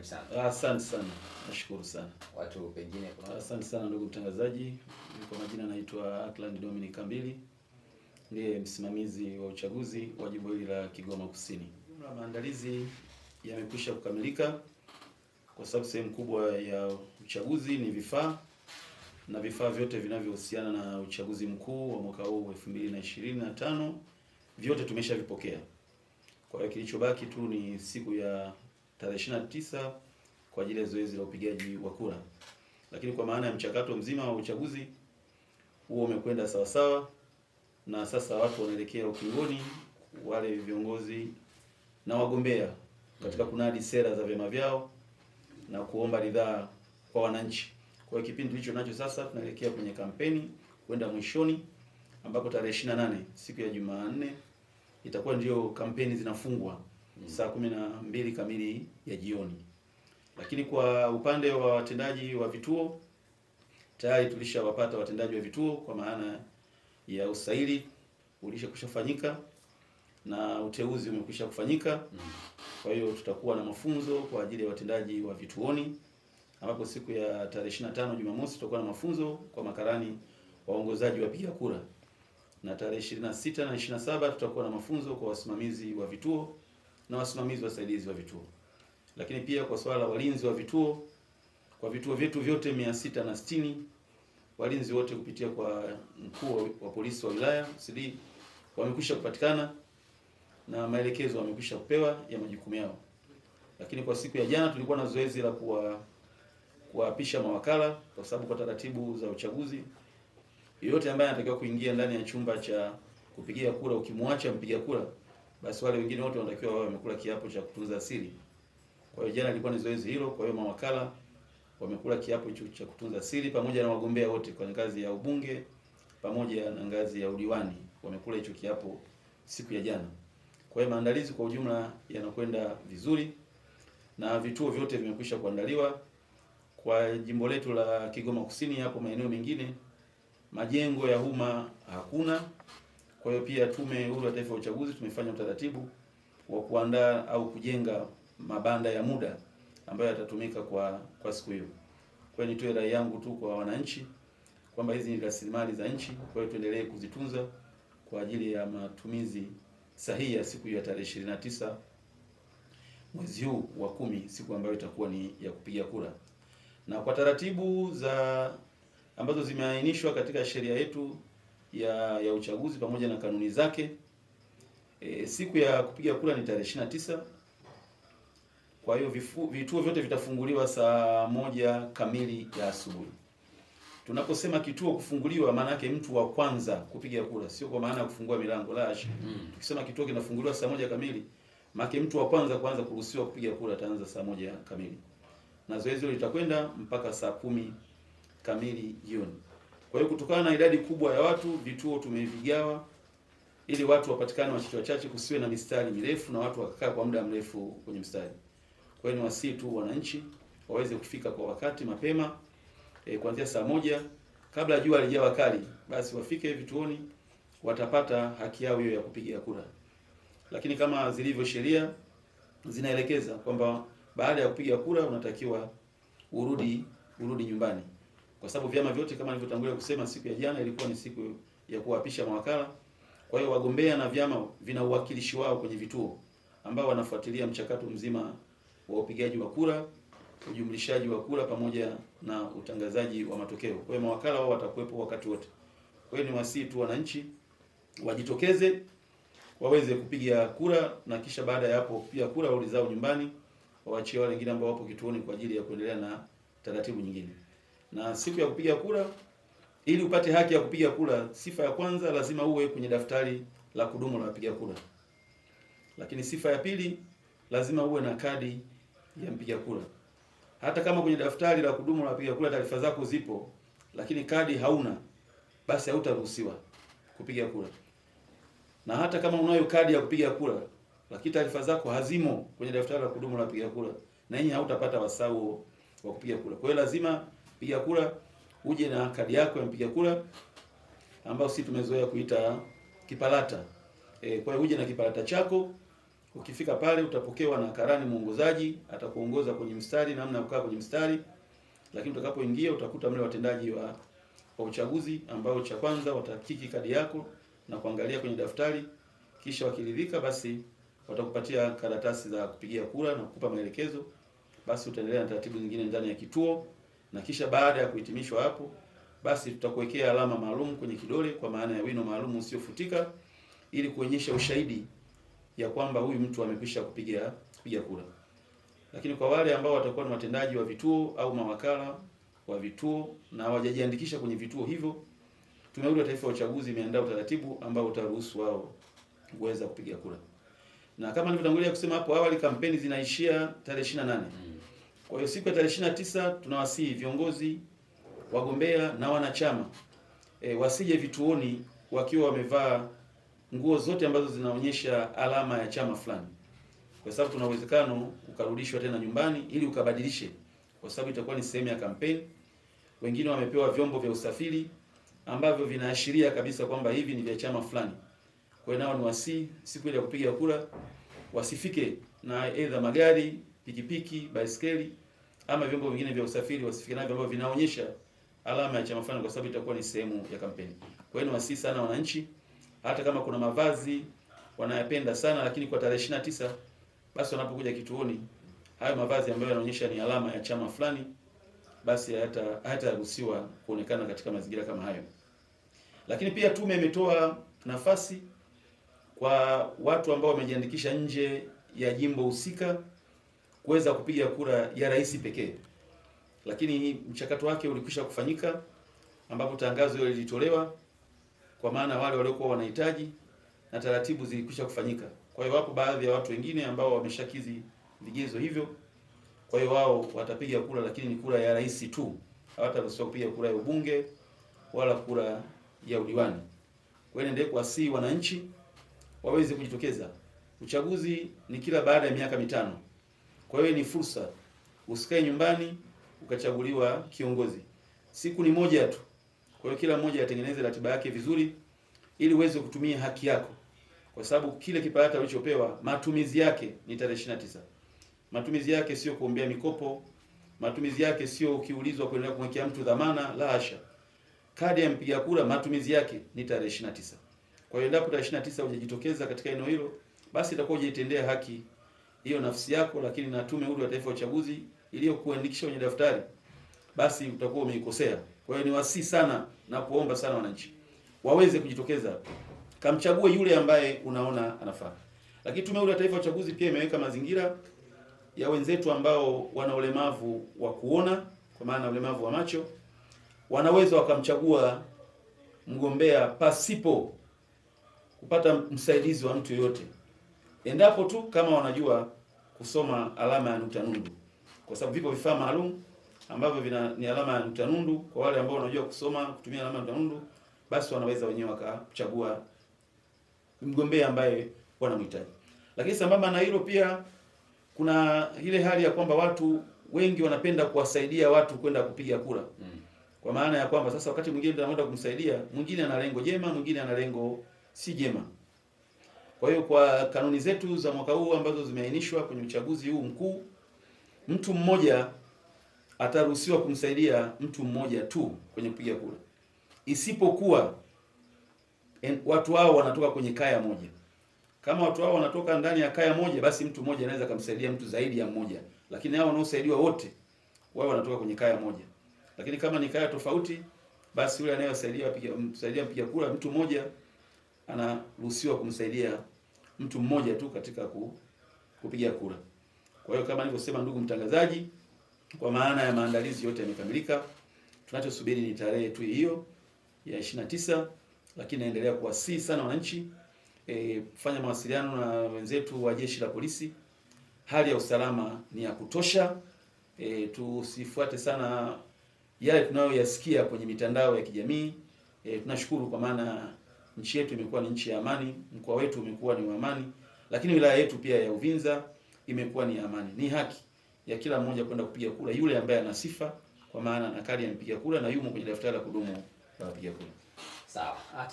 Karibu sana. Asante sana, nashukuru sana. Watu pengine kuna asante sana ndugu mtangazaji, kwa majina naitwa Ackland Dominic Kambili, ndiye msimamizi wa uchaguzi wa jimbo hili la Kigoma Kusini. Jumla maandalizi yamekwisha kukamilika kwa sababu sehemu kubwa ya uchaguzi ni vifaa na vifaa vyote vinavyohusiana na uchaguzi mkuu wa mwaka huu 2025 vyote tumeshavipokea. Kwa hiyo kilichobaki tu ni siku ya tarehe 29 kwa ajili ya zoezi la upigaji wa kura, lakini kwa maana ya mchakato mzima wa uchaguzi huo umekwenda sawa, na sasa watu wanaelekea ukingoni, wale viongozi na wagombea katika kunadi sera za vyama vyao na kuomba ridhaa kwa wananchi. Kwa hiyo kipindi tulicho nacho sasa, tunaelekea kwenye kampeni kwenda mwishoni, ambapo tarehe 28 siku ya Jumanne itakuwa ndio kampeni zinafungwa mm. saa kumi na mbili kamili ya jioni. Lakini kwa upande wa watendaji wa vituo tayari tulishawapata watendaji wa vituo kwa maana ya usaili ulishakwisha kufanyika na uteuzi umekwisha kufanyika mm. Kwa hiyo tutakuwa na mafunzo kwa ajili ya watendaji wa vituoni ambapo siku ya tarehe 25 Jumamosi tutakuwa na mafunzo kwa makarani waongozaji wapiga kura na tarehe 26 na 27 tutakuwa na mafunzo kwa wasimamizi wa vituo na wasimamizi wasaidizi wa vituo. Lakini pia kwa swala la walinzi wa vituo, kwa vituo vyetu vyote mia sita na sitini walinzi wote kupitia kwa mkuu wa polisi wa wilaya CD wamekwisha kupatikana na maelekezo wamekwisha kupewa ya majukumu yao. Lakini kwa siku ya jana tulikuwa na zoezi la kuwa kuwaapisha mawakala kwa sababu kwa taratibu za uchaguzi yoyote ambaye anatakiwa kuingia ndani ya chumba cha kupigia kura ukimwacha mpiga kura basi wale wengine wote wanatakiwa wawe wamekula kiapo cha kutunza siri. Kwa hiyo jana ilikuwa ni zoezi hilo. Kwa hiyo mawakala wamekula kiapo cha kutunza siri pamoja na wagombea wote kwa ngazi ya ubunge pamoja na ngazi ya udiwani wamekula hicho kiapo siku ya jana. Kwa hiyo maandalizi kwa ujumla yanakwenda vizuri na vituo vyote vimekwisha kuandaliwa. Kwa jimbo letu la Kigoma Kusini, hapo maeneo mengine majengo ya umma hakuna. Kwa hiyo pia Tume Huru ya Taifa ya Uchaguzi tumefanya utaratibu wa kuandaa au kujenga mabanda ya muda ambayo yatatumika kwa kwa siku hiyo. Kwa hiyo nitoe rai yangu tu kwa wananchi kwamba hizi ni rasilimali za nchi, kwa hiyo tuendelee kuzitunza kwa ajili ya matumizi sahihi ya siku ya tarehe 29 mwezi huu wa kumi, siku ambayo itakuwa ni ya kupiga kura, na kwa taratibu za ambazo zimeainishwa katika sheria yetu ya, ya uchaguzi pamoja na kanuni zake. E, siku ya kupiga kura ni tarehe 29. Kwa hiyo vituo vyote vitafunguliwa saa moja kamili ya asubuhi. Tunaposema kituo kufunguliwa, maana yake mtu wa kwanza kupiga kura, sio kwa maana ya kufungua milango la asha. Mm-hmm. Tukisema kituo kinafunguliwa saa moja kamili, maana mtu wa kwanza kwanza kuruhusiwa kupiga kura ataanza saa moja kamili, na zoezi hilo litakwenda mpaka saa kumi kamili jioni. Kwa hiyo kutokana na idadi kubwa ya watu, vituo tumevigawa ili watu wapatikane wachache wachache, kusiwe na mistari mirefu na watu wakakaa kwa muda mrefu kwenye mstari. Kwa hiyo ni wasii tu wananchi waweze kufika kwa wakati mapema, e, kuanzia saa moja kabla jua halijawa kali, basi wafike vituoni, watapata haki yao hiyo ya kupiga kura. Lakini kama zilivyo sheria zinaelekeza kwamba baada ya kupiga kura unatakiwa urudi urudi nyumbani kwa sababu vyama vyote kama nilivyotangulia kusema siku ya jana ilikuwa ni siku ya kuwapisha mawakala. Kwa hiyo wagombea na vyama vina uwakilishi wao kwenye vituo ambao wanafuatilia mchakato mzima wa upigaji wa kura, ujumlishaji wa kura pamoja na utangazaji wa matokeo. Kwa hiyo mawakala wao watakuwepo wakati wote. Kwa hiyo ni wasii tu wananchi wajitokeze waweze kupiga kura na kisha baada ya hapo kupiga kura warudi zao nyumbani, waachie wale wengine ambao wapo kituoni kwa ajili ya kuendelea na taratibu nyingine na siku ya kupiga kura. Ili upate haki ya kupiga kura, sifa ya kwanza lazima uwe kwenye daftari la kudumu la wapiga kura, lakini sifa ya pili lazima uwe na kadi ya mpiga kura. Hata kama kwenye daftari la kudumu la wapiga kura taarifa zako zipo, lakini kadi hauna, basi hautaruhusiwa kupiga kura. Na hata kama unayo kadi ya kupiga kura, lakini taarifa zako hazimo kwenye daftari la kudumu la wapiga kura, na yeye hautapata wasaa wa kupiga kura. Kwa hiyo lazima piga kura, uje na kadi yako ya mpiga kura ambayo sisi tumezoea kuita kipalata. E, kwa hiyo uje na kipalata chako. Ukifika pale utapokewa na karani mwongozaji, atakuongoza kwenye mstari, namna ya kukaa kwenye mstari. Lakini utakapoingia utakuta mle watendaji wa wa uchaguzi ambao cha kwanza watahakiki kadi yako na kuangalia kwenye daftari, kisha wakiridhika, basi watakupatia karatasi za kupigia kura na kukupa maelekezo. Basi utaendelea na taratibu nyingine ndani ya kituo na kisha baada ya kuhitimishwa hapo, basi tutakuwekea alama maalum kwenye kidole, kwa maana ya wino maalum usiofutika, ili kuonyesha ushahidi ya kwamba huyu mtu amekwisha kupiga kupiga kura. Lakini kwa wale ambao watakuwa ni watendaji wa vituo au mawakala wa vituo na hawajajiandikisha kwenye vituo hivyo, Tume Huru ya Taifa ya Uchaguzi imeandaa utaratibu ambao utaruhusu wao kuweza kupiga kura, na kama nilivyotangulia kusema hapo awali, kampeni zinaishia tarehe 28. Kwa hiyo siku ya tarehe tisa tunawasihi viongozi, wagombea na wanachama e, wasije vituoni wakiwa wamevaa nguo zote ambazo zinaonyesha alama ya chama fulani, kwa sababu tuna uwezekano ukarudishwa tena nyumbani ili ukabadilishe, kwa sababu itakuwa ni sehemu ya kampeni. Wengine wamepewa vyombo vya usafiri ambavyo vinaashiria kabisa kwamba hivi ni vya chama fulani. Kwa hiyo nao ni wasi siku ile ya kupiga kura wasifike na aidha magari, pikipiki, baiskeli ama vyombo vingine vya usafiri wasifike wasifikiranavyo ambavyo vinaonyesha alama ya chama fulani, kwa sababu itakuwa ni sehemu ya kampeni. Kwa hiyo niwasihi sana wananchi, hata kama kuna mavazi wanayapenda sana, lakini kwa tarehe 29 basi wanapokuja kituoni, hayo mavazi ambayo yanaonyesha ni alama ya chama fulani, basi hata hayata kuonekana katika mazingira kama hayo. Lakini pia tume imetoa nafasi kwa watu ambao wamejiandikisha nje ya jimbo husika kuweza kupiga kura ya rais pekee, lakini mchakato wake ulikwisha kufanyika, ambapo tangazo hilo lilitolewa kwa maana wale waliokuwa wanahitaji na taratibu zilikwisha kufanyika. Kwa hiyo wapo baadhi ya watu wengine ambao wameshakizi vigezo hivyo, kwa hiyo wao watapiga kura, lakini ni kura ya rais tu, hawataruhusiwa kupiga kura ya ubunge wala kura ya udiwani. Kwa hiyo niendelee kuwasihi wananchi waweze kujitokeza. Uchaguzi ni kila baada ya miaka mitano. Kwa hiyo ni fursa, usikae nyumbani ukachaguliwa kiongozi. Siku ni moja tu, kwa hiyo kila mmoja atengeneze ratiba yake vizuri, ili uweze kutumia haki yako, kwa sababu kile kipata ulichopewa matumizi yake ni tarehe 29. Matumizi yake sio kuombea mikopo, matumizi yake sio ukiulizwa kuendelea kumwekea mtu dhamana, la hasha. Kadi ya mpiga kura matumizi yake ni tarehe 29. Kwa hiyo endapo tarehe 29 hujajitokeza katika eneo hilo, basi itakuwa hujaitendea haki hiyo nafsi yako, lakini na Tume Huru ya Taifa ya Uchaguzi iliyokuandikisha kwenye daftari, basi utakuwa umeikosea. Kwa hiyo niwasihi sana na kuomba sana wananchi waweze kujitokeza, kamchague yule ambaye unaona anafaa. Lakini Tume Huru ya Taifa ya Uchaguzi pia imeweka mazingira ya wenzetu ambao wana ulemavu wa kuona, kwa maana ulemavu wa macho, wanaweza wakamchagua mgombea pasipo kupata msaidizi wa mtu yoyote endapo tu kama wanajua kusoma alama ya nukta nundu, kwa sababu vipo vifaa maalum ambavyo vina ni alama ya nukta nundu. Kwa wale ambao wanajua kusoma kutumia alama ya nukta nundu, basi wanaweza wenyewe wakachagua mgombea ambaye wanamhitaji. Lakini sambamba na hilo pia kuna ile hali ya kwamba watu wengi wanapenda kuwasaidia watu kwenda kupiga kura mm. Kwa maana ya kwamba sasa wakati mwingine anaenda kumsaidia mwingine, ana lengo jema, mwingine ana lengo si jema. Kwa hiyo kwa kanuni zetu za mwaka huu ambazo zimeainishwa kwenye uchaguzi huu mkuu, mtu mmoja ataruhusiwa kumsaidia mtu mmoja tu kwenye kupiga kura, isipokuwa en, watu hao wanatoka kwenye kaya moja. Kama watu hao wanatoka ndani ya kaya moja, basi mtu mmoja anaweza kumsaidia mtu zaidi ya mmoja, lakini hao wanaosaidiwa wote wao wanatoka kwenye kaya moja. Lakini kama ni kaya tofauti, basi yule anayesaidia mpiga kura mtu mmoja anaruhusiwa kumsaidia mtu mmoja tu katika ku, kupiga kura. Kwa hiyo kama nilivyosema, ndugu mtangazaji, kwa maana ya maandalizi yote yamekamilika. Tunachosubiri ni tarehe tu hiyo ya 29, lakini naendelea kuwasihi sana wananchi e, fanya mawasiliano na wenzetu wa jeshi la polisi. Hali ya usalama ni ya kutosha. E, tusifuate sana yale tunayoyasikia kwenye mitandao ya kijamii. E, tunashukuru kwa maana nchi yetu imekuwa ni nchi ya amani, mkoa wetu umekuwa ni amani, lakini wilaya yetu pia ya Uvinza imekuwa ni amani. Ni haki ya kila mmoja kwenda kupiga kura, yule ambaye ana sifa, kwa maana ana kadi ya mpiga kura na yumo kwenye daftari la kudumu la wapiga kura. Sawa.